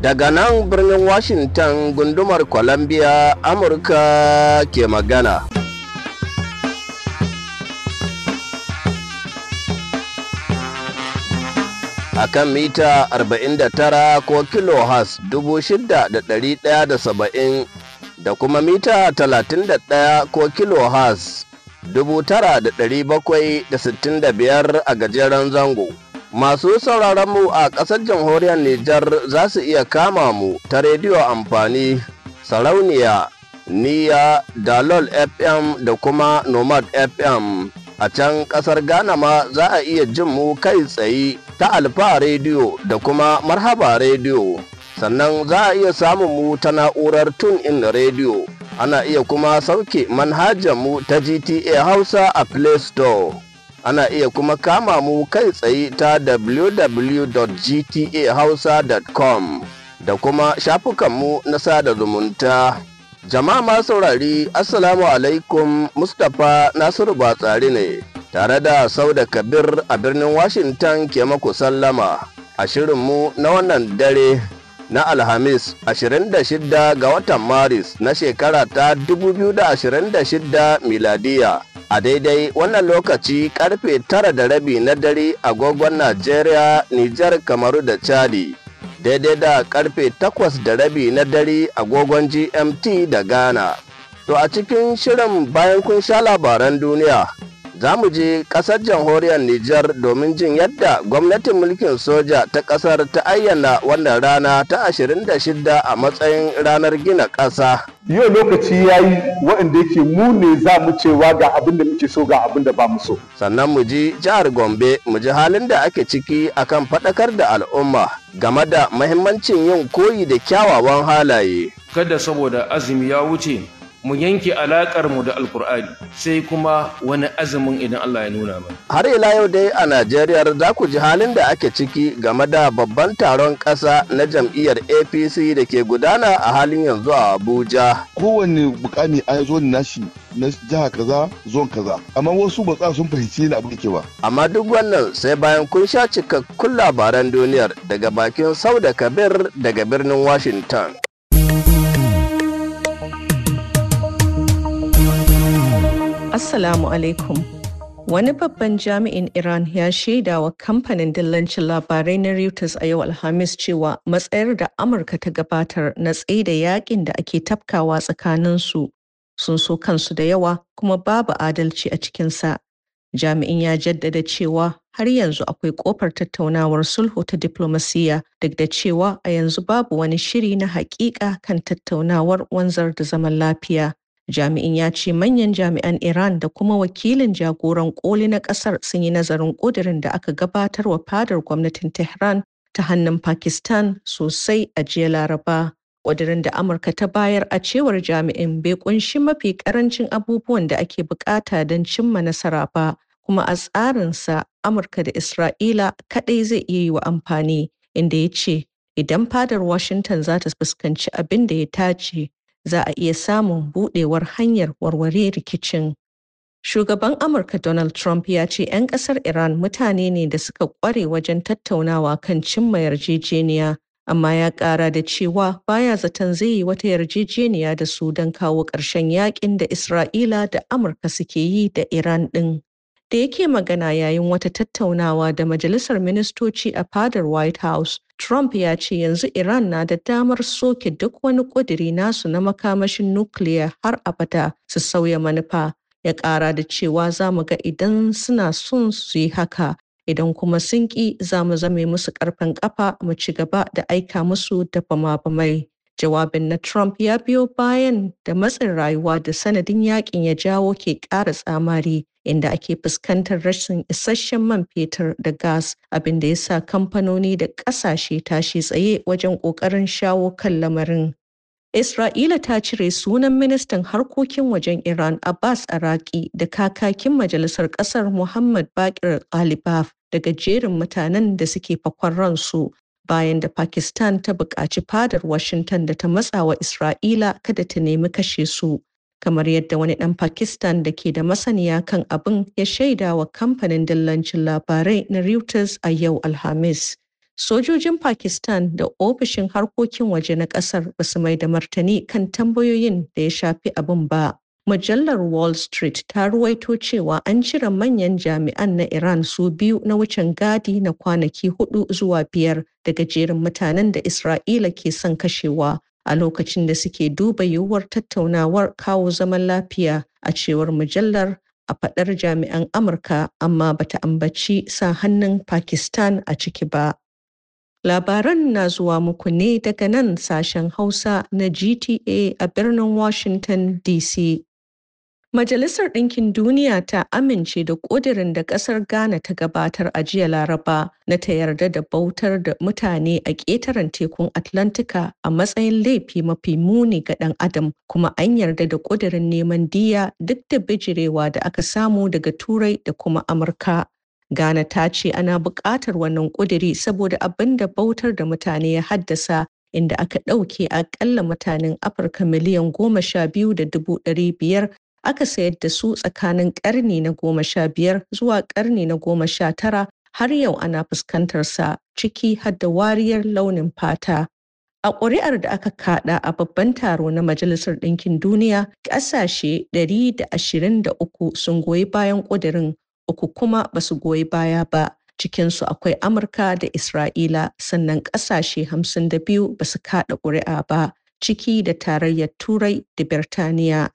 daga nan birnin washington gundumar columbia amurka ke magana a kan mita 49 ko kilohas 6,170 da kuma mita 31 ko kilohas 9,765 a gajeren zango. Masu sauraron mu a ƙasar jamhuriyar Nijar za su iya kama mu ta rediyo amfani sarauniya niya dalol fm da kuma nomad fm a can ƙasar ghana ma za a iya jin mu kai tsaye ta alfa rediyo da kuma marhaba rediyo sannan za a iya samun mu ta na'urar tun in rediyo ana iya kuma sauke manhajar ta GTA Hausa a Play Store. Ana iya kuma kama mu kai tsaye ta www.gtahausa.com da kuma shafukanmu na sada zumunta. Jama'a ma saurari Assalamu alaikum Mustapha Nasiru Batsari ne tare da Sauda Kabir a birnin Washington ke maku sallama a mu na wannan dare. na Alhamis 26 ga watan Maris na shekara ta 2026 miladiya. A daidai wannan lokaci karfe tara da rabi na dare agogon Najeriya, Nijar, Kamaru da Chadi. Daidai da karfe takwas da rabi na dare agogon GMT da Ghana. To a cikin shirin bayan kun sha labaran duniya za mu je ƙasar jamhuriyar Nijar domin jin yadda gwamnatin mulkin soja ta ƙasar ta ayyana wannan rana ta 26 a matsayin ranar gina ƙasa. Yau lokaci ya yi waɗanda yake mu ne za mu cewa ga abin da muke so ga abin da ba mu so. Sannan mu ji jihar Gombe mu ji halin da ake ciki akan faɗakar da al'umma game da mahimmancin yin koyi da kyawawan halaye. Kada saboda azumi ya wuce mu yanke alakar mu da alkur'ani sai kuma wani azumin idan Allah ya nuna mana har ila yau dai a Najeriya za ku ji halin da ake ciki game da babban taron ƙasa na jam'iyyar APC da ke gudana a halin yanzu a Abuja kowanne bukami a zo nashi na jiha kaza zon kaza amma wasu ba sun fahimci na abu ke ba amma duk wannan sai bayan kun sha cikakkun labaran duniyar daga bakin Sauda Kabir daga birnin Washington Assalamu alaikum. Wani babban jami'in Iran ya shaida wa kamfanin dillancin labarai na Reuters a yau Alhamis cewa matsayar da Amurka ta gabatar na da yakin da ake tafkawa tsakaninsu sun so kansu da yawa kuma babu adalci a cikinsa. Jami'in ya jaddada cewa har yanzu akwai kofar tattaunawar sulhu ta diplomasiya duk da cewa a yanzu babu wani shiri na hakika kan tattaunawar wanzar da zaman lafiya. Jami'in ya ce manyan jami'an Iran da kuma wakilin jagoran koli na kasar sun yi nazarin ƙudirin da aka gabatar wa fadar gwamnatin Tehran ta hannun Pakistan sosai a jiya Laraba. Ƙudirin da Amurka ta bayar a cewar jami'in bai ƙunshi mafi ƙarancin abubuwan da ake buƙata don cimma nasara ba, kuma a tsarinsa Amurka da Isra'ila kaɗai zai iya yi wa amfani, inda ya ce idan fadar Washington za ta fuskanci abin da ya tace za a iya samun buɗewar hanyar warware rikicin. Shugaban Amurka Donald Trump ya ce 'yan ƙasar Iran mutane ne da suka ƙware wajen tattaunawa kan cimma yarjejeniya, amma ya ƙara da cewa baya zaton zai yi wata yarjejeniya da su don kawo ƙarshen yakin da Isra'ila da Amurka suke yi da Iran ɗin. da yake magana yayin wata tattaunawa da majalisar ministoci a fadar white house trump ya ce yanzu iran na da damar soke duk wani ƙudiri nasu na makamashin nukiliya har abada su sauya manufa ya ƙara da cewa za mu ga idan suna son su yi haka idan kuma sun ƙi za mu zame musu ƙarfin ƙafa mu ci gaba da aika musu da bama-bamai Jawabin na Trump ya biyo bayan da matsin rayuwa da sanadin yakin ya jawo ke ƙara tsamari inda ake fuskantar rashin isasshen man fetur da gas abin da ya sa kamfanoni da ƙasashe tashi tsaye wajen ƙoƙarin shawo kan lamarin. Isra'ila ta cire sunan ministan harkokin wajen Iran Abbas Araki da kakakin majalisar ƙasar Muhammad Bakir Alibaf daga jerin mutanen da suke fakon ransu bayan da Pakistan ta buƙaci fadar Washington da ta matsawa Isra'ila kada ta nemi kashe su. Kamar yadda wani ɗan Pakistan da ke da masaniya kan abin ya shaida wa kamfanin dillancin labarai na Reuters a yau Alhamis. Sojojin Pakistan da ofishin harkokin waje na ƙasar ba su mai da martani kan tambayoyin da ya shafi abin ba. Mujallar Wall Street ta ruwaito cewa an cire manyan jami'an na Iran su biyu na wucin gadi na kwanaki hudu zuwa biyar daga jerin mutanen da Isra'ila ke son kashewa a lokacin da suke duba yiwuwar tattaunawar kawo zaman lafiya a cewar mujallar a faɗar jami'an Amurka amma bata ambaci sa hannun Pakistan a ciki ba. Labaran na zuwa muku ne daga nan sashen Hausa na GTA a birnin Washington DC. Majalisar Ɗinkin Duniya ta amince da ƙudirin da ƙasar Ghana ta gabatar a jiya Laraba na ta yarda da bautar da mutane a ƙetaren tekun Atlantika a matsayin laifi mafi muni ga ɗan Adam kuma an yarda da ƙudirin neman diya duk da bijirewa da aka samu daga Turai da kuma Amurka. Ghana ta ce ana buƙatar wannan ƙudiri saboda abin da bautar da mutane ya haddasa inda aka ɗauke aƙalla mutanen Afirka miliyan goma sha biyu da dubu ɗari biyar aka sayar da su tsakanin ƙarni na goma sha biyar zuwa ƙarni na goma sha tara har yau ana fuskantar sa ciki har da wariyar launin fata. A ƙuri'ar da aka kaɗa a babban taro na Majalisar Ɗinkin Duniya, ƙasashe ɗari da da ashirin uku sun goyi bayan ƙudurin uku kuma ba su goyi baya ba. Cikinsu akwai Amurka da Isra'ila, sannan ƙasashe hamsin 52 ba su kaɗa ƙuri'a ba, ciki da tarayyar Turai da Birtaniya.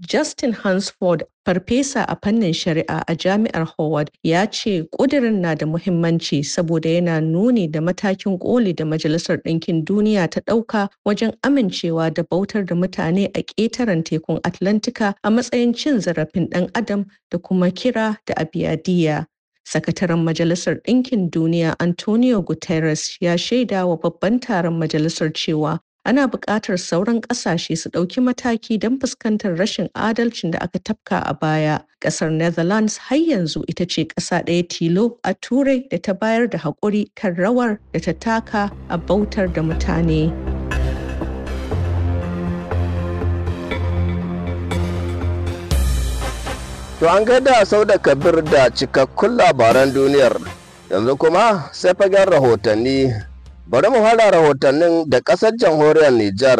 Justin Hansford, farfesa a fannin shari'a a Jami'ar Howard, ya ce ƙudirin na da muhimmanci saboda yana nuni da matakin ƙoli da Majalisar Ɗinkin Duniya ta ɗauka wajen amincewa da bautar da mutane a ƙetaren tekun Atlantika a matsayin cin zarafin ɗan adam da kuma kira da abiyadiya. Sakataren Majalisar Ɗinkin Duniya Antonio Guterres ya shaida wa babban taron majalisar cewa ana buƙatar sauran ƙasashe su ɗauki mataki don fuskantar rashin adalcin da aka tafka a baya. Ƙasar Netherlands har yanzu ita ce ƙasa ɗaya tilo a Turai da ta bayar da haƙuri kan rawar da ta taka a bautar da mutane. To an gaida sau da kabir da cikakkun labaran duniyar yanzu kuma sai fagen rahotanni Bari mu fara rahotannin da ƙasar jamhuriyar Nijar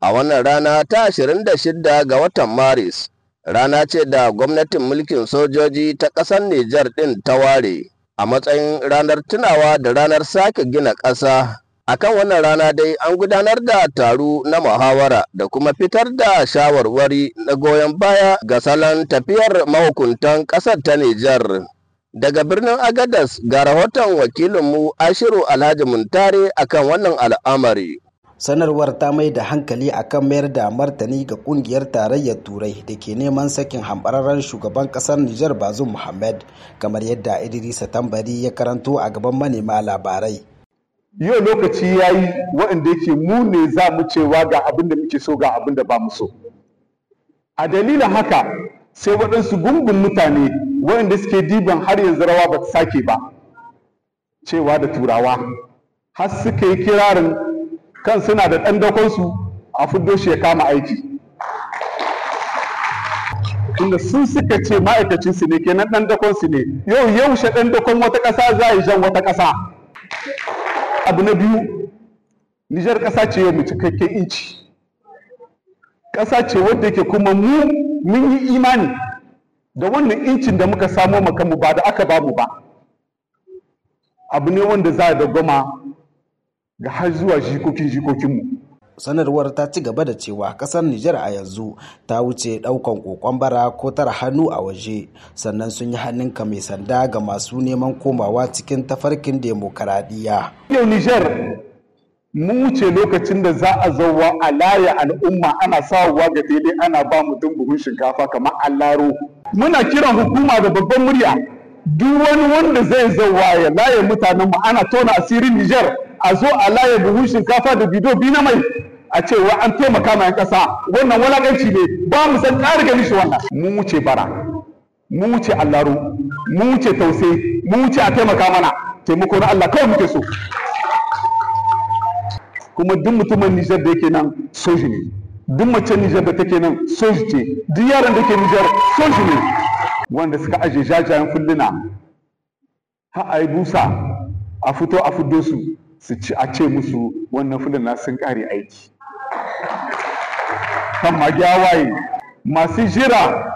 a wannan rana ta 26 ga watan Maris, rana ce da gwamnatin mulkin sojoji ta ƙasar Nijar ɗin ta ware a matsayin ranar tunawa da ranar sake gina ƙasa. kan wannan rana dai an gudanar da taro na muhawara da kuma fitar da shawarwari na goyon baya ga salon tafiyar mahukuntan ƙasar ta Nijar. Daga birnin Agadas ga rahoton wakilinmu Ashiru Alhaji Muntari akan wannan al'amari. sanarwar ta mai da hankali akan mayar da martani ga kungiyar tarayyar turai da ke neman sakin hambararren shugaban kasar nijar bazum muhammad kamar yadda idrisa tambari ya karanto a gaban manema labarai yau lokaci ya yi waɗanda yake mu ne za mu cewa ga abin da muke so ga abin da ba mu so a dalilin haka sai waɗansu gungun mutane waɗanda suke diban har yanzu rawa ba sake ba cewa da turawa har suka yi kirarin kan suna da ɗan dakonsu a fuddo shi ya kama aiki inda sun suka ce ma'aikacinsu ne kenan ɗan dakon su ne yau yaushe ɗan dakon wata ƙasa za a yi jan wata ƙasa abu na biyu nijar ƙasa ce yau mu cikakken inci ƙasa ce wadda ke kuma mu mun yi imani da wannan incin da muka samo makamu ba da aka bamu ba abu ne wanda za a dagwama ga har zuwa jikokin jikokinmu sanarwar ta ci gaba da cewa kasar Nijar a yanzu ta wuce daukan kokon bara ko tara hannu a waje sannan sun yi hannun ka mai sanda ga masu neman komawa cikin tafarkin demokaradiyya. Yau Nijar mu ce lokacin da za a zauwa a al'umma ana sawa ga daidai ana ba mutum buhun shinkafa kamar allaro muna kiran hukuma da babban murya duk wani wanda zai zauwa ya laye mutanen mu ana tona asirin Nijar a zo a laye buhun shinkafa da bido bi na mai a ce wa an taimaka ma kasa wannan walakanci ne ba mu san ƙara gani shi wannan mu ce bara mu ce allaro mu ce tausayi mu ce a taimaka mana taimako na Allah kawai muke so kuma duk mutumin Nijar da yake nan soji ne duk mace Nijar da take nan soji ce duk yaran da ke Nijar soji ne wanda suka aje jajayen fulluna har a yi busa a fito a fuddo su su ci a ce musu wannan fulluna sun kare aiki kan magyawaye masu jira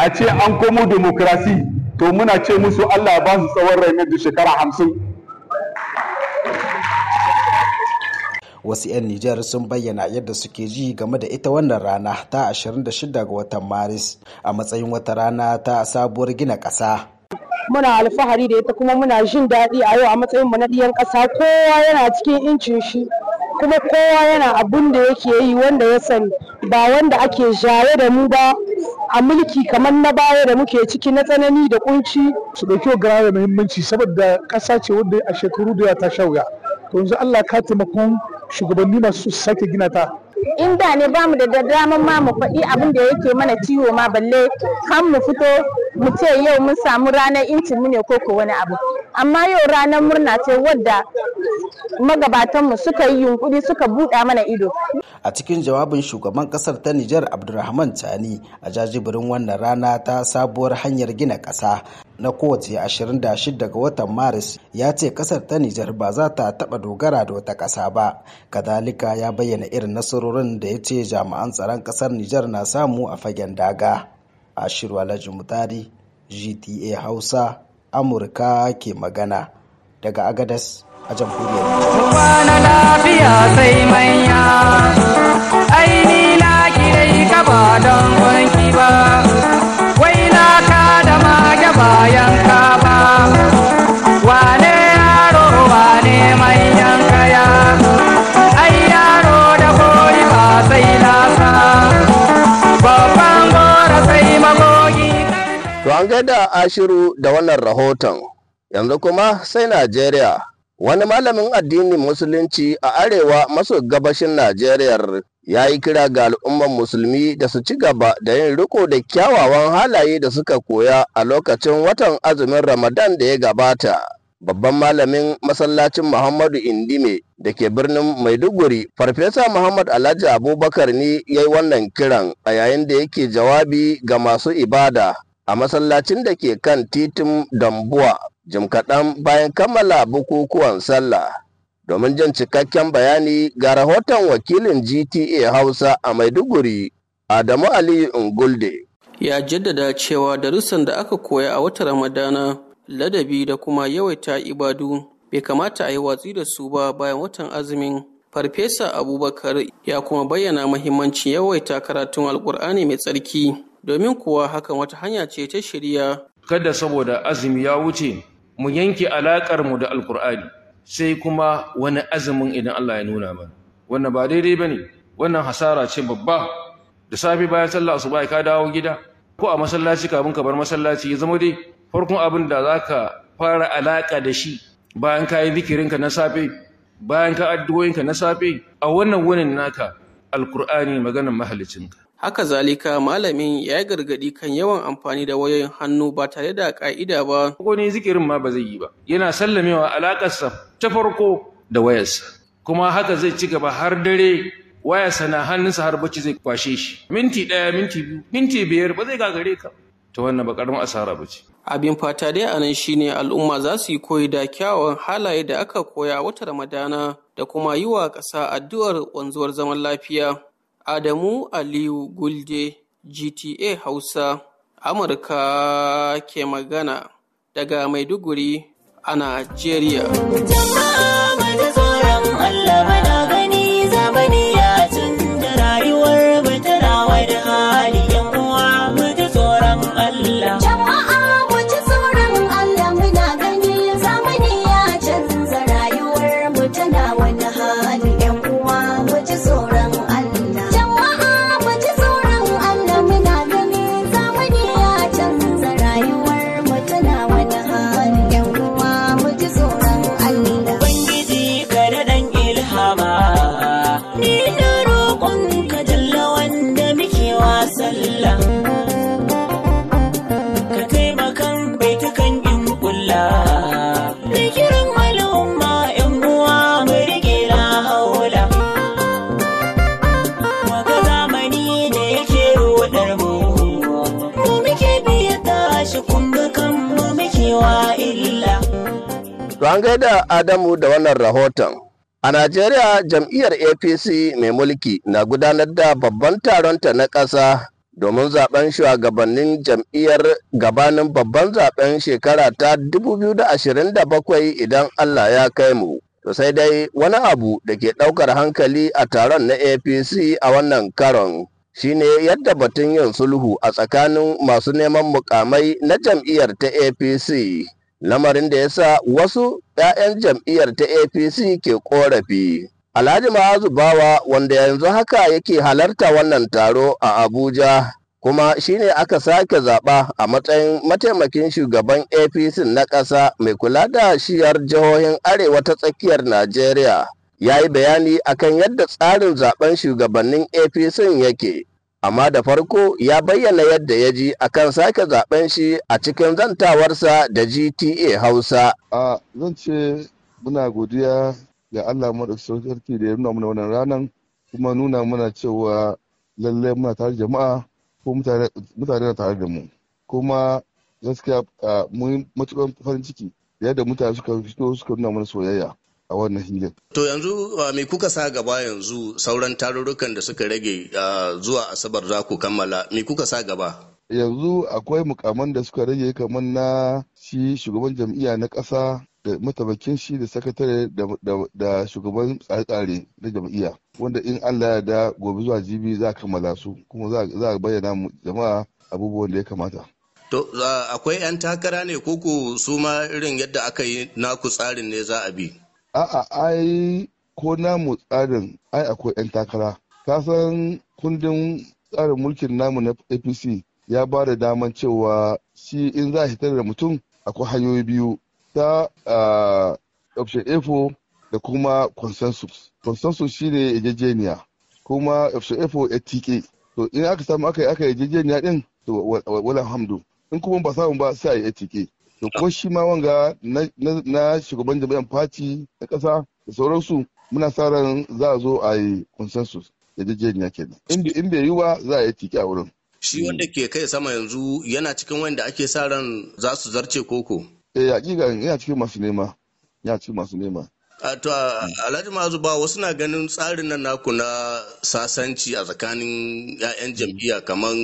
a ce an komo demokrasi to muna ce musu Allah ba su tsawon rai da shekara hamsin wasu 'yan nijar sun bayyana yadda suke ji game da ita wannan rana ta 26 ga watan maris a matsayin wata rana ta sabuwar gina ƙasa muna alfahari da ita kuma muna jin daɗi a yau a matsayin mu na ɗiyan ƙasa kowa yana cikin incin shi kuma kowa yana abun da yake yi wanda ya sani ba wanda ake jaye da mu ba a mulki kamar na baya da muke ciki na tsanani da kunci su ɗauki wa gara da muhimmanci saboda ƙasa ce wanda a shekaru da ta sha to yanzu Allah ka taimakon shugabanni na sake gina ta in da ne ba mu da daman ma mu faɗi abin da yake mana ciwo ma balle kan mu fito mu ce yau mun samu ranar incin mu ne ko ko wani abu amma yau ranar murna ce wadda magabatanmu suka yi yunkuri suka buɗa mana ido a cikin jawabin shugaban kasar ta Nijar Abdulrahman Tani a jajibirin wannan rana ta sabuwar hanyar gina ƙasa na kowace 26 ga watan maris ya ce kasar ta nijar ba za ta taba dogara da wata ƙasa ba kadalika ya bayyana irin nasarorin da ya ce jami'an tsaron kasar nijar na samu a fagen daga a alhaji mutari gta hausa amurka ke magana daga agadas a jamhuriyar sai manya aini na ba don wanki ba an gaida ashiru da wannan rahoton yanzu kuma sai najeriya wani malamin addinin musulunci a arewa maso gabashin najeriya ya yi kira ga al'umman musulmi da su ci gaba da yin riko da kyawawan halaye da suka koya a lokacin watan azumin ramadan da ya gabata babban malamin masallacin muhammadu indime da ke birnin maiduguri farfesa muhammad alhaji abubakar ne ya yi wannan kiran a yayin da yake jawabi ga masu ibada a masallacin da ke kan titin dambuwa jim kaɗan bayan kammala bukukuwan sallah domin jan cikakken bayani ga rahoton wakilin GTA Hausa a Maiduguri, Adamu Ali Ngulde. Ya jaddada cewa darussan da aka koya a wata Ramadana, ladabi da kuma yawaita ibadu bai kamata a yi watsi da su ba bayan watan azumin. Farfesa Abubakar ya kuma bayyana mahimmancin yawaita karatun Alƙur'ani mai tsarki, domin kuwa hakan wata hanya ce ta shirya. Kada saboda azumi ya wuce, mu yanke alaƙar da Alƙur'ani. sai kuma wani azumin idan Allah ya nuna mana wannan ba daidai ba ne wannan hasara ce babba da safe bayan sallah su ka dawo gida ko a masallaci kafin ka bar masallaci ya zama dai farkon abin da za ka fara alaka da shi bayan ka yi zikirinka na safe bayan ka addu'o'inka na safe a wannan wunin naka alkur'ani maganar mahallicinka Haka zalika, malamin ya yi gargaɗi kan yawan amfani da wayoyin hannu ba tare da ƙa'ida ba. ne zikirin ma ba zai yi ba. Yana sallamewa alaƙarsa ta farko da wayarsa. Kuma haka zai ci gaba har dare wayarsa na hannunsa har bacci zai kwashe shi. Minti ɗaya, minti biyu, minti biyar ba zai gagare ka. Ta wannan ba ƙaramin asara ba ce. Abin fata dai a nan shine al'umma za su yi koyi da kyawawan halaye da aka koya wata Ramadana da kuma yi wa ƙasa addu'ar wanzuwar zaman lafiya. Adamu Aliyu Gulde GTA Hausa, Amurka ke magana daga Maiduguri a Najeriya. da Adamu da wannan rahoton. A Najeriya jam'iyyar APC mai mulki na gudanar da babban taronta na ƙasa domin zaben shugabannin jam'iyyar gabanin babban zaben shekara ta 2027 idan Allah ya kai mu. To sai dai wani abu da ke ɗaukar hankali a taron na APC a wannan karon. shine yadda batun yin sulhu a tsakanin masu neman mukamai na jam'iyyar ta apc lamarin da ya sa wasu 'ya'yan jam'iyyar ta apc ke korafi alhaji ma'azu bawa wanda yanzu haka yake halarta wannan taro a abuja kuma shine aka sake zaɓa a matsayin mataimakin shugaban apc na ƙasa mai kula da shiyar jihohin arewa ta tsakiyar najeriya ya yi bayani akan yadda tsarin zaɓen shugabannin apc yake amma da farko ya bayyana yadda ya ji akan sake zaben shi a cikin zantawarsa da gta hausa a zan ce muna godiya ga allah maɗaukacin sarki da ya nuna mana wannan ranar kuma nuna mana cewa lallai muna tare jama'a ko mutane tare da mu kuma gaskiya mun matuƙar farin ciki yadda mutane suka fito suka nuna mana soyayya a wannan filin. To yanzu uh, me kuka sa gaba yanzu sauran tarurrukan da suka rage uh, zuwa Asabar za ku kammala me kuka sa gaba? Yanzu akwai mukaman da suka rage kamar na shi shugaban jam'iyya na ƙasa da matabakin shi da sakatare da shugaban tsare-tsare na jam'iyya wanda in Allah ya da gobe zuwa jibi za a kammala su kuma za a bayyana mu jama'a abubuwan da ya kamata. To uh, akwai 'yan takara ne koko su ma irin yadda aka yi naku tsarin ne za a bi. a'a ai ko namu tsarin ai akwai 'yan takara ka san kundin tsarin mulkin namu na apc ya ba da daman cewa shi in za a hitar da mutum akwai hanyoyi biyu ta option a4 da kuma consensus consensus shine yajejeniya kuma option a4 ya tike to in aka samu aka yi aka yajejeniya din to wala hamdu in kuma ba samu ba sai a yi tike to ko shi ma wanga na shugaban jami'an fati na ƙasa da sauransu muna sa ran za a zo a yi consensus da jejjeniya kenan in bai yi wa za a yi tiki a wurin shi wanda ke kai sama yanzu yana cikin wanda ake sa ran za su zarce koko eh hakika yana cikin masu nema yana cikin masu nema to alhaji mazu ba wasu na ganin tsarin nan naku na sasanci a tsakanin 'ya'yan jam'iyya kamar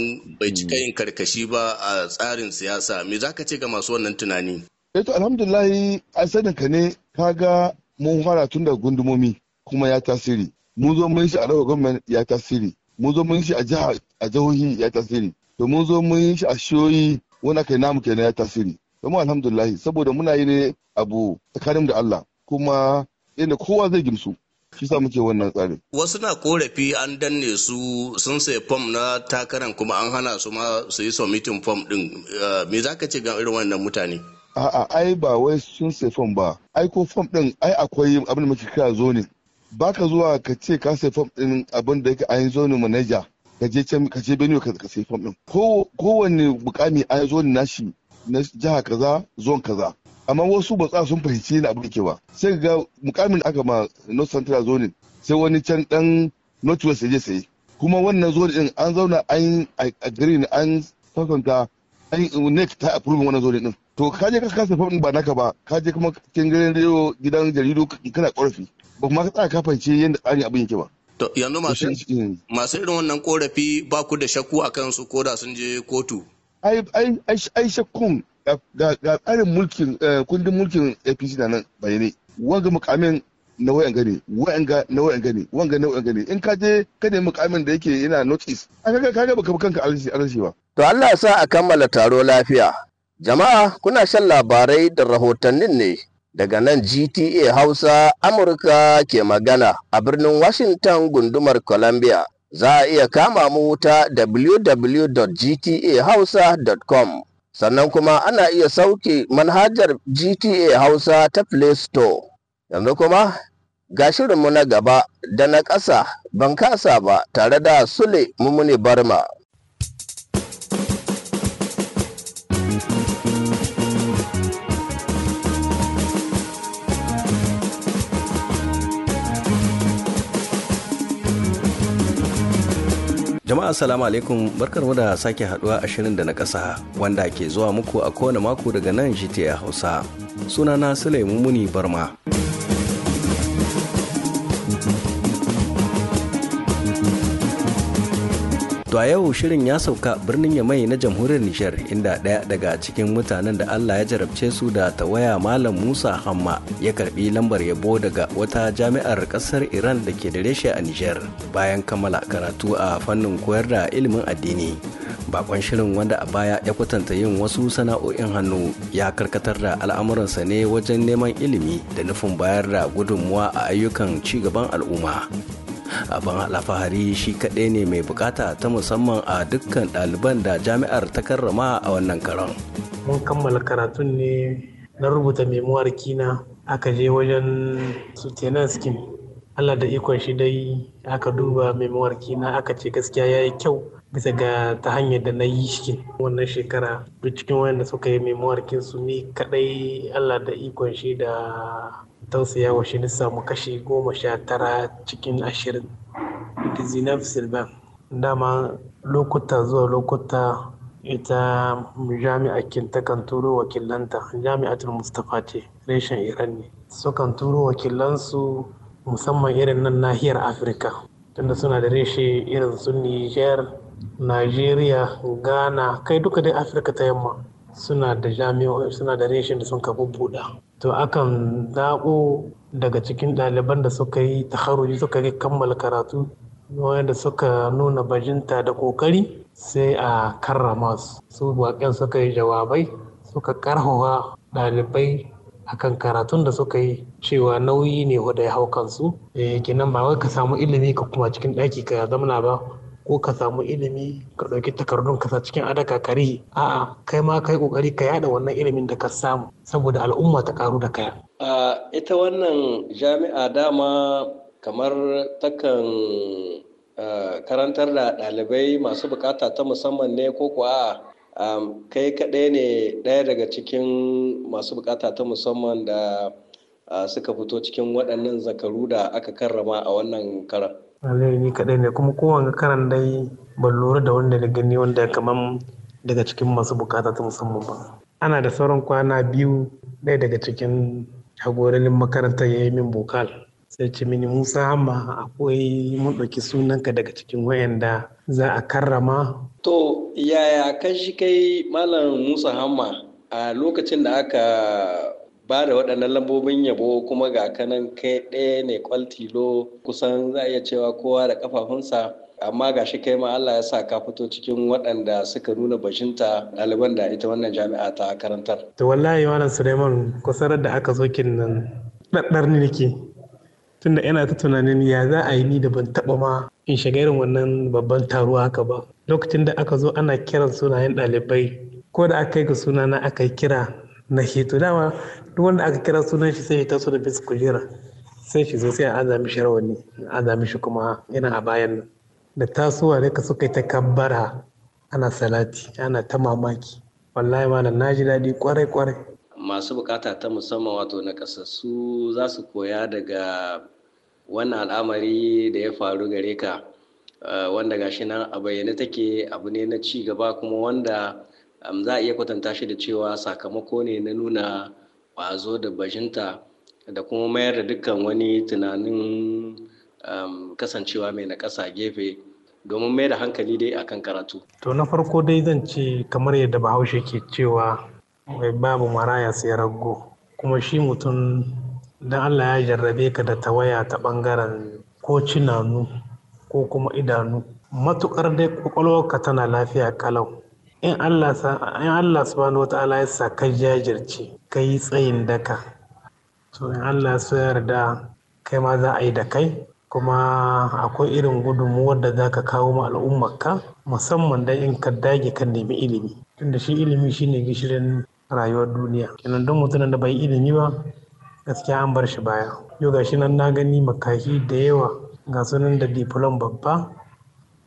bai cika yin karkashi ba a tsarin siyasa me za ka ce ga masu wannan tunani eh to alhamdulillahi a sanin ka ne ka ga mun fara tun da gundumomi kuma ya tasiri mun zo mun shi a rawar gwamnati ya tasiri mun zo mun shi a jiha a jihohi ya tasiri to mun zo mun shi a shoyi wani kai namu kenan ya tasiri to mu alhamdulillahi saboda muna yi ne abu tsakanin da Allah kuma yadda kowa zai gimsu shi sa muke wannan tsarin. Wasu na korafi an danne su sun sai fom na takaran kuma an hana su ma su yi submitting fom din eh, me za ka ce ga irin wannan mutane? A'a ai ba wai sun sai fom ba ai ko fom din ai akwai abin da muke kira zonin baka zuwa ka ce ka sai fom din abin da yake ayin zonin manaja ka je can ka je Benue ka sai fom din kowanne mukami ayin zonin nashi na jiha kaza zon kaza amma wasu ba sun fahimci na abu ke ba sai ga mukamin da aka ma north central zone sai wani can dan north west je sai kuma wannan zone din an zauna an agree ne an sasanta an nek ta approve wannan zone din to ka je ka kasa fa ba naka ba ka je kuma kin gare rediyo gidan jaridu kana korafi ba kuma ka tsaya ka fahimci yadda tsarin abin yake ba To yanzu masu irin wannan korafi ba ku da shakku a su ko da sun je kotu. Ai shakkun ga tsarin mulkin eh, kundin mulkin apc na nan bayani, wanga mukamin na wayan gani, wanga na wayan gani wanga na wayan gani, in ka je ka nemi mukamin da yake yana notice a kaga kaga baka kanka arziki ba to Allah ya sa a kammala taro lafiya jama'a kuna shan labarai da rahotannin ne daga nan GTA Hausa Amurka ke magana a birnin Washington gundumar Columbia za a iya kama mu ta www.gtahausa.com sannan kuma ana iya sauke manhajar GTA Hausa ta Play Store. Yanzu kuma ga shirinmu na gaba da na ƙasa ban kasa ba tare da Sule Mumuni Barma. Jama'a salamu alaikum mu da sake haduwa a shirin da na kasa wanda ke zuwa muku a kowane mako daga nan a Hausa. Sunana Sulaimu Muni Barma. To a yau shirin ya sauka birnin Yamai na jamhuriyar Nijar inda ɗaya daga cikin mutanen da Allah ya jarabce su da tawaya Malam Musa Hamma ya karbi lambar yabo daga wata jami'ar ƙasar Iran da ke da reshe a Nijar bayan kammala karatu a fannin koyar da ilimin addini. Bakon shirin wanda a baya ya kwatanta yin wasu sana'o'in hannu ya karkatar da al'amuransa ne wajen neman ilimi da nufin bayar da gudunmuwa a ayyukan ci gaban al'umma. abin alfahari shi kaɗai ne mai bukata ta musamman a dukkan ɗaliban da jami'ar ta karrama a wannan karon mun kammala karatun ne na rubuta memuwar kina aka je wajen su skin allah da ikon shi dai aka duba memuwar kina aka ce gaskiya ya yi kyau bisa ga ta hanyar da na yi shi wannan shekara duk cikin da suka yi memuwar kinsu ni kadai allah da ikon shi da tausaya wa shi nisa samu kashe goma sha tara cikin ashirin da zinaf silban dama lokuta zuwa lokuta ita jami'a kin kan turo wakilanta jami'atul mustapha ce reshen iran ne kan turo wakilansu musamman irin nan nahiyar afirka tunda suna da reshe irin su niger nigeria ghana kai duka dai afirka ta yamma suna da jami'o'i suna da reshen da sun ka to akan zaɓo daga cikin ɗaliban da suka yi taharuji suka yi kammala karatu wanda suka nuna bajinta da ƙoƙari sai a karrama su su baƙin suka yi jawabai suka karhawa ɗalibai akan karatun da suka yi cewa nauyi ne da ya hau kansu eh, kenan ba wai ka samu ilimi ka kuma cikin ɗaki ka zamana ba ko ka samu ilimi ka ɗauki takardun kasa cikin adaka kari. a'a kai ma kai kokari ka yaɗa wannan ilimin da ka samu saboda al'umma ta karu da kaya ita wannan jami'a dama kamar takan karantar da ɗalibai masu bukata ta musamman ne ko kuwa kai kaɗai ne ɗaya daga cikin masu bukata ta musamman da suka fito cikin waɗannan zakaru da aka karrama a wannan karan Wallahi ni kaɗai ne kuma kowane karan dai ban lura da wanda na gani wanda ya kamar daga cikin masu bukata ta musamman ba. Ana da sauran kwana biyu ɗaya daga cikin jagororin makarantar ya yi min bokal Sai ce mini Musa Hamma akwai mun ɗauki sunanka daga cikin wayanda za a karrama. To yaya ka shi kai Malam Musa Hamma a lokacin da aka ba da waɗannan lambobin yabo kuma ga kanan kai ɗaya ne kwaltilo kusan za a iya cewa kowa da kafafunsa amma ga shi kai ma Allah ya sa ka fito cikin waɗanda suka nuna bashinta ɗaliban da ita wannan jami'a ta karantar. To wallahi malam Suleiman kusurar da aka zo kin nan ɗaɗɗar ni nake tunda ina ta tunanin ya za a yi ni da ban taɓa ma in shiga irin wannan babban taruwa haka ba lokacin da aka zo ana kiran sunayen ɗalibai ko da aka yi ga sunana aka yi kira na hito dama duk wanda aka kira sunan shi sai ya taso da bis kujera sai shi zo sai an aza shi rawani an aza shi kuma yana a bayan nan da tasowa da ka suka yi ta kabbara ana salati ana ta mamaki wallahi ma na ji daɗi kwarai kwarai masu bukata ta musamman wato na zasu za su koya daga wannan al'amari da ya faru gare ka eh, wanda gashi nan a bayyane take abu ne na ci gaba kuma wanda za a iya kwatanta shi da cewa sakamako ne na nuna ƙwazo da bajinta da kuma mayar da dukkan wani tunanin kasancewa mai na ƙasa gefe domin mayar da hankali dai akan karatu. To na farko dai zan ce kamar yadda bahaushe ke cewa mai babu maraya sai rago kuma shi mutum don Allah ya jarrabe ka da tawaya ta ɓangaren ko cinanu ko kuma idanu matukar dai ka tana lafiya kalau in Allah subhanahu wata'ala ya sa ka jajirce ka yi tsayin daka to in Allah su yarda kai ma za a yi da kai kuma akwai irin gudunmuwar da za ka kawo ma al'ummarka musamman da in ka dage kan nemi ilimi tunda shi ilimi shine gishirin rayuwar duniya kenan don mutumin da bai ilimi ba gaskiya an bar shi baya yau ga shi nan na gani makahi da yawa ga sunan da diplom babba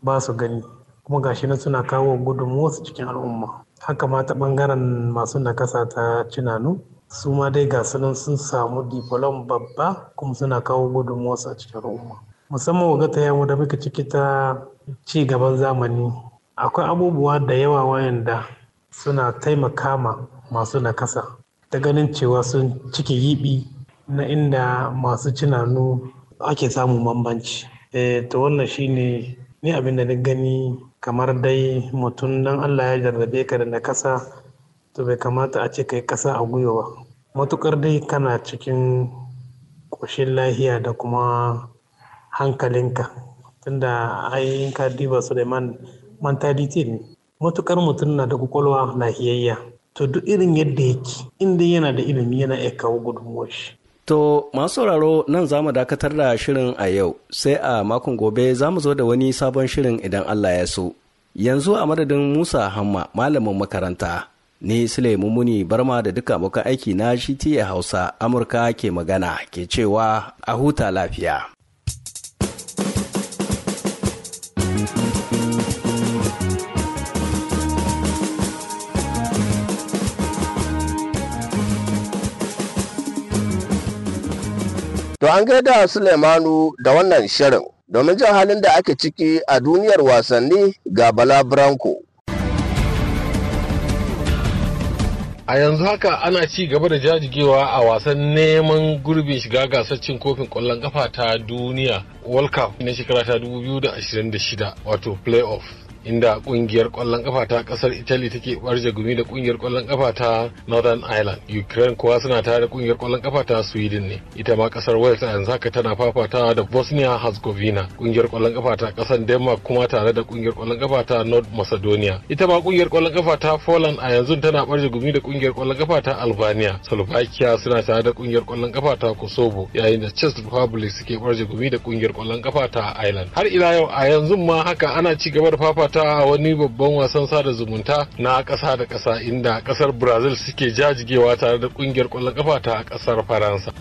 ba su gani kuma gashi nan suna kawo gudunmuwarsu cikin al'umma haka ma ta bangaren masu nakasa ta cinanu su ma dai ga sunan sun samu diplom babba kuma suna kawo gudunmuwarsu a cikin al'umma musamman wa ta yamu da muka ciki ta ci gaban zamani akwai abubuwa da yawa wayanda suna taimaka ma masu nakasa ta ganin cewa sun cike yibi na inda masu cinanu ake samun bambanci. Eh, to wannan shine ni abin da na gani kamar dai mutum dan Allah ya jarrabe ka da kasa, to bai kamata a ce kai kasa a gwiwa matukar dai kana cikin ƙoshin lahiya da kuma hankalinka tunda ai ka diba Suleiman mentality ne matukar mutum na da kwakwalwa lahiyayya to duk irin yadda yake inda yana da ilimi yana iya kawo shi To masu sauraro nan za mu dakatar da shirin a yau sai a makon gobe za mu zo da wani sabon shirin idan Allah ya so. Yanzu a madadin Musa Hamma malamin makaranta ni Sule Mumuni Barma da duka muka aiki na shi Hausa Amurka ke magana ke cewa a huta lafiya. To an gaida Suleimanu da wannan shirin domin jin halin da ake ciki a duniyar wasanni ga Bala Branko. a yanzu haka ana ci gaba da jajigewa a wasan neman gurbin shiga gasar cin kofin kwallon ƙafa ta duniya world cup na shekara ta 2026 wato playoff inda kungiyar kwallon kafa ta kasar italy take barje gumi da kungiyar kwallon kafa ta northern ireland ukraine kuwa suna tare da kungiyar kwallon kafa ta sweden ne ita ma kasar wales a yanzu haka tana fafata da bosnia herzegovina kungiyar kwallon kafa ta kasar denmark kuma tare da kungiyar kwallon kafa ta north macedonia ita ma kungiyar kwallon kafa ta poland a yanzu tana barje gumi da kungiyar kwallon kafa ta albania slovakia suna tare da kungiyar kwallon kafa ta kosovo yayin da czech republic suke barje gumi da kungiyar kwallon kafa ta ireland har ila yau a yanzu ma haka ana ci gaba da fafata halarta wani babban wasan sada zumunta na ƙasa da ƙasa inda ƙasar Brazil suke jajigewa tare da ƙungiyar kwallon ƙafa ta ƙasar Faransa.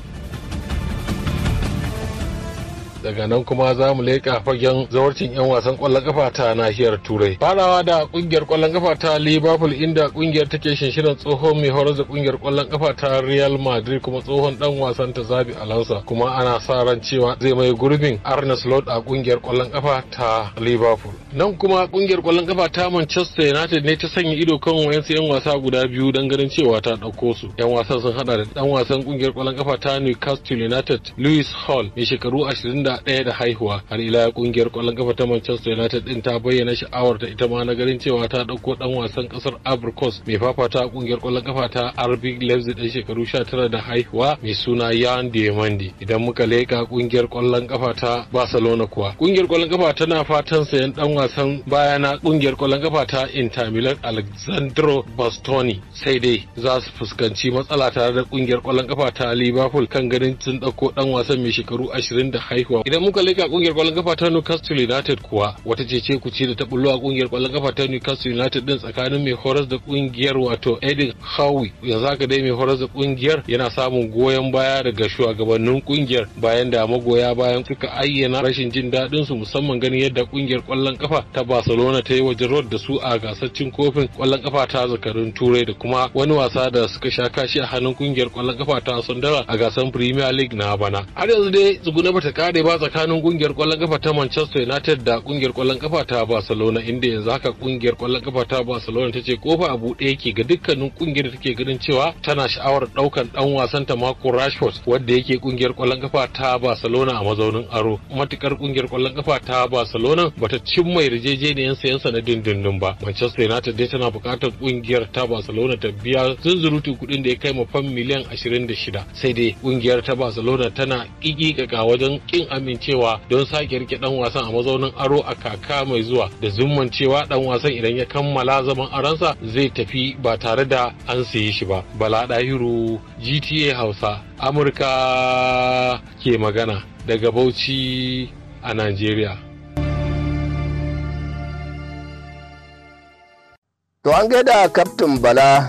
daga nan kuma za mu leƙa fagen zawarcin 'yan wasan kwallon kafa ta nahiyar turai farawa da ƙungiyar kwallon kafa ta liverpool inda ƙungiyar take shirin tsohon mai horar da ƙungiyar ƙwallon kafa ta real madrid kuma tsohon dan wasan ta zabi alonso kuma ana sa ran cewa zai mai gurbin arnes lord a kungiyar ƙwallon kafa ta liverpool nan kuma ƙungiyar ƙwallon kafa ta manchester united ne ta sanya ido kan wayansu 'yan wasa guda biyu dan ganin cewa ta ɗauko su 'yan wasan sun hada da dan wasan kungiyar kwallon kafa ta newcastle united louis hall mai shekaru 20 wata ɗaya da haihuwa har ila kungiyar kwallon kafa ta Manchester United din ta bayyana sha'awar ta ita ma na garin cewa ta ɗauko ɗan wasan ƙasar Abrikos mai fafata kungiyar kwallon kafa ta RB Leipzig ɗan shekaru 19 da haihuwa mai suna Yan Diemandi idan muka leƙa ƙungiyar kwallon kafa ta Barcelona kuwa kungiyar kwallon kafa tana fatan sayan ɗan wasan baya na kungiyar kwallon kafa ta Inter Milan Alexandro Bastoni sai dai za su fuskanci matsala tare da ƙungiyar kwallon kafa ta Liverpool kan ganin sun ɗauko ɗan wasan mai shekaru 20 da haihuwa Idan muka leka kungiyar kwallon kafa ta Newcastle United kuwa wata ce ku ce da ta bullo a kungiyar kwallon kafa ta Newcastle United din tsakanin mai horas da kungiyar wato Edin Howe yanzu haka dai mai horas da kungiyar yana samun goyon baya daga shugabannin kungiyar bayan da magoya bayan suka ayyana rashin jin daɗin su musamman ganin yadda kungiyar kwallon kafa ta Barcelona ta yi wajen rod da su a gasar cin kofin kwallon kafa ta zakarin Turai da kuma wani wasa da suka sha kashi a hannun kungiyar kwallon kafa ta Sundara a gasar Premier League na bana. Har yanzu dai tsuguna bata kare ba bugawa tsakanin kungiyar kwallon kafa ta Manchester United da kungiyar kwallon kafa ta Barcelona inda yanzu haka kungiyar kwallon kafa ta Barcelona ta ce kofa a buɗe yake ga dukkanin kungiyar da take ganin cewa tana sha'awar ɗaukan ɗan wasan ta Marco Rashford wanda yake kungiyar kwallon kafa ta Barcelona a mazaunin aro. Matukar kungiyar kwallon kafa ta Barcelona bata cimma yarjejeniyar sayan sa na dindindin ba. Manchester United dai tana bukatar kungiyar ta Barcelona ta biya zunzurutun kuɗin da ya kai ma fam miliyan 26 sai dai kungiyar ta Barcelona tana kikikaka wajen kin tsammanin cewa don sake rike dan wasan a mazaunin aro a kaka mai zuwa da zumman cewa dan wasan idan ya kammala zaman aransa zai tafi ba tare da an saye shi ba bala dahiru gta hausa amurka ke magana daga bauchi a nigeria to an gaida kaftin bala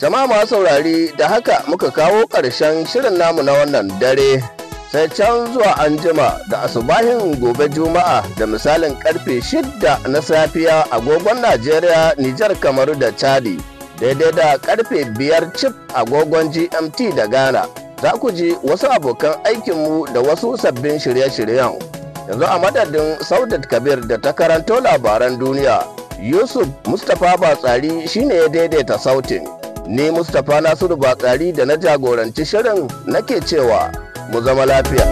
jama'a masu saurari da haka muka kawo ƙarshen shirin namu na wannan dare Mai can zuwa anjima da asubahin gobe juma'a da misalin karfe shida na safiya agogon najeriya nijar kamaru da chadi daidai da karfe biyar cif agogon gmt da ghana za ku ji wasu abokan aikinmu da wasu sabbin shirye-shiryen yanzu a madadin saudat kabir da ta karanto labaran duniya yusuf mustapha batsari shine ya daidaita sautin ni mustapha nasiru batsari da na jagoranci shirin nake cewa mu zama lafiya